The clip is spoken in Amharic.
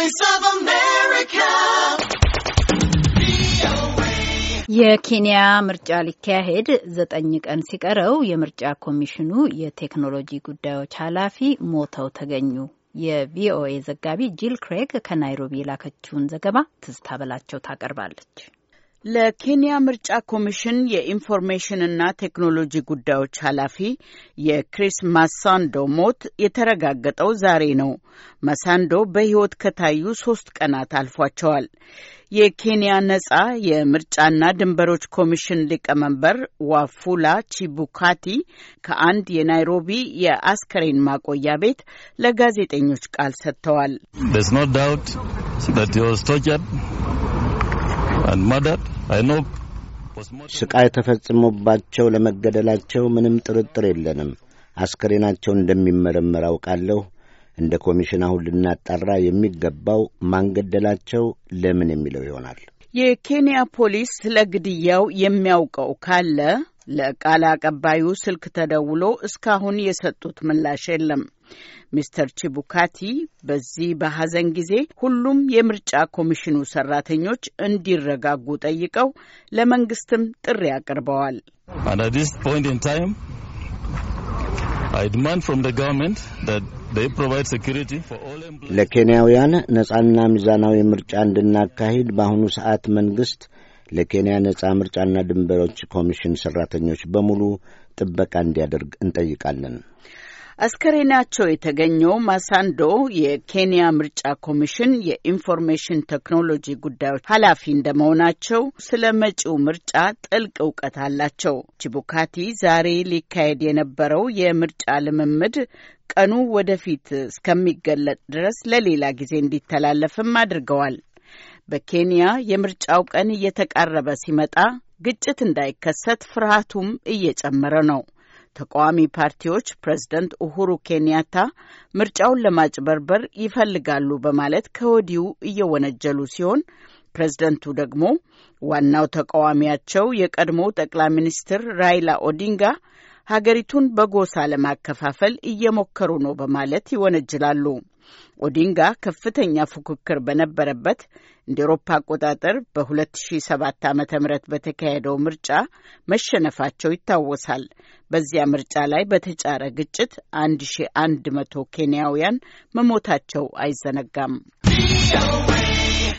Voice of America. የኬንያ ምርጫ ሊካሄድ ዘጠኝ ቀን ሲቀረው የምርጫ ኮሚሽኑ የቴክኖሎጂ ጉዳዮች ኃላፊ ሞተው ተገኙ። የቪኦኤ ዘጋቢ ጂል ክሬግ ከናይሮቢ የላከችውን ዘገባ ትዝታ በላቸው ታቀርባለች። ለኬንያ ምርጫ ኮሚሽን የኢንፎርሜሽንና ቴክኖሎጂ ጉዳዮች ኃላፊ የክሪስ ማሳንዶ ሞት የተረጋገጠው ዛሬ ነው። ማሳንዶ በሕይወት ከታዩ ሶስት ቀናት አልፏቸዋል። የኬንያ ነጻ የምርጫና ድንበሮች ኮሚሽን ሊቀመንበር ዋፉላ ቺቡካቲ ከአንድ የናይሮቢ የአስከሬን ማቆያ ቤት ለጋዜጠኞች ቃል ሰጥተዋል። ስቃይ ተፈጽሞባቸው ለመገደላቸው ምንም ጥርጥር የለንም። አስከሬናቸው እንደሚመረመር አውቃለሁ። እንደ ኮሚሽን አሁን ልናጣራ የሚገባው ማንገደላቸው ለምን የሚለው ይሆናል። የኬንያ ፖሊስ ስለ ግድያው የሚያውቀው ካለ ለቃል አቀባዩ ስልክ ተደውሎ እስካሁን የሰጡት ምላሽ የለም። ሚስተር ቺቡካቲ በዚህ በሐዘን ጊዜ ሁሉም የምርጫ ኮሚሽኑ ሰራተኞች እንዲረጋጉ ጠይቀው ለመንግስትም ጥሪ አቅርበዋል። ለኬንያውያን ነጻና ሚዛናዊ ምርጫ እንድናካሂድ በአሁኑ ሰዓት መንግስት ለኬንያ ነጻ ምርጫና ድንበሮች ኮሚሽን ሠራተኞች በሙሉ ጥበቃ እንዲያደርግ እንጠይቃለን። አስከሬናቸው የተገኘው ማሳንዶ የኬንያ ምርጫ ኮሚሽን የኢንፎርሜሽን ቴክኖሎጂ ጉዳዮች ኃላፊ እንደመሆናቸው ስለ መጪው ምርጫ ጥልቅ እውቀት አላቸው። ቺቡካቲ ዛሬ ሊካሄድ የነበረው የምርጫ ልምምድ ቀኑ ወደፊት እስከሚገለጥ ድረስ ለሌላ ጊዜ እንዲተላለፍም አድርገዋል። በኬንያ የምርጫው ቀን እየተቃረበ ሲመጣ ግጭት እንዳይከሰት ፍርሃቱም እየጨመረ ነው። ተቃዋሚ ፓርቲዎች ፕሬዝደንት ኡሁሩ ኬንያታ ምርጫውን ለማጭበርበር ይፈልጋሉ በማለት ከወዲሁ እየወነጀሉ ሲሆን ፕሬዝደንቱ ደግሞ ዋናው ተቃዋሚያቸው የቀድሞ ጠቅላይ ሚኒስትር ራይላ ኦዲንጋ ሀገሪቱን በጎሳ ለማከፋፈል እየሞከሩ ነው በማለት ይወነጅላሉ። ኦዲንጋ ከፍተኛ ፉክክር በነበረበት እንደ ኤሮፓ አቆጣጠር በ2007 ዓ ም በተካሄደው ምርጫ መሸነፋቸው ይታወሳል። በዚያ ምርጫ ላይ በተጫረ ግጭት 1100 ኬንያውያን መሞታቸው አይዘነጋም።